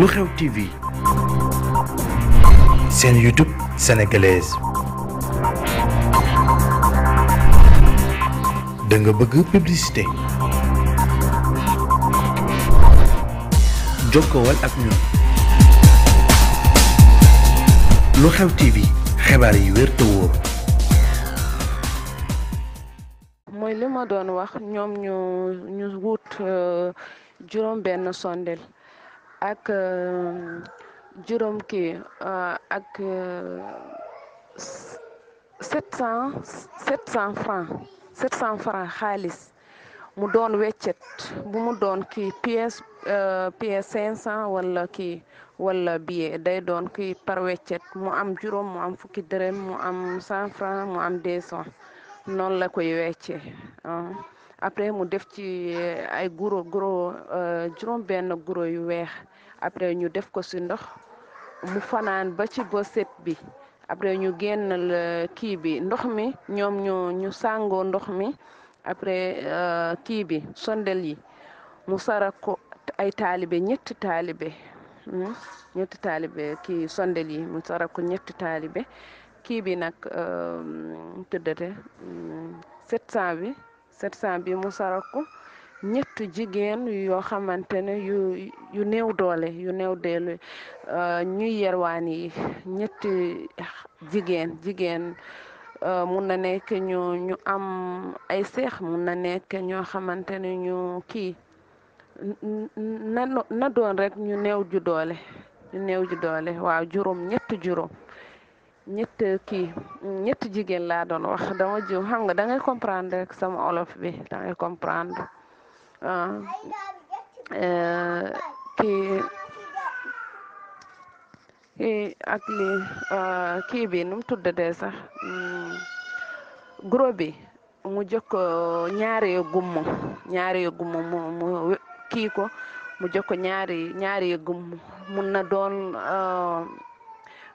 lu xew TV seen YouTube sénégalaise da bëgg publicité jokkowal ak ñun lu xew TV xibaar yi wér te mooy li doon wax ñoom ñu wut euh, juróom benn sondel ak euh, juróom kii euh, ak euh, sept cent sept cent franc sept cent franc xaalis mu doon weccet bu mu doon ki pièce pièce cinq cent wala kii wala billet day doon kii par weccet mu am juróom mu am fukki dërëm mu am cent franc mu am deux cent noonu la koy weccee après mu def ci eh, ay guro guro eh, juróom benn guro yu weex après ñu def ko ci ndox mu fanaan ba ci ba set bi après ñu génnal eh, kii bi ndox mi ñoom ñu ñu sàngoo ndox mi après kii bi sondel yi mu sara ko ay taalibe ñetti taalibe hmm? ñetti taalibe sondel yi mu sara ko ñetti taalibe kii bi nag mm, tëddate mm, sept cent bi 700 bi mu saraku ñett jigéen yoo xamante ne yu yu néew doole yu néew deelu euh, ñu yerwaan yi ñetti jigéen jigéen euh, mun na nekk ñu ñu am ay seex mun na nekk ñoo xamante ne ñu kii na na rek ñu néew ji doole ñu néew ji doole waaw juróom ñett juróom ñett eh, kii ñett jigéen laa doon wax dama jiw xam nga da ngay comprendre rek sama olof bi da comprendre ah, eh, kii kii ak li ah, kii bi nu mu tuddee sax hmm, guro bi mu jokko eh, ñaari gumm ñaari gumm mu mu ko mu jokko ñaari ñaari gumm mun na doon. Ah,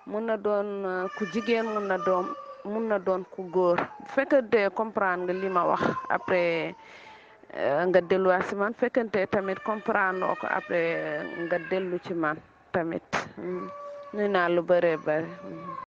mun na doon uh, ku jigéen mun na doon mun na doon ku góor bu fekkante comprendre nga li ma wax après uh, nga delluwaat si man tamit comprendre noo ko après uh, nga dellu ci man tamit mm. nuy naa lu bëree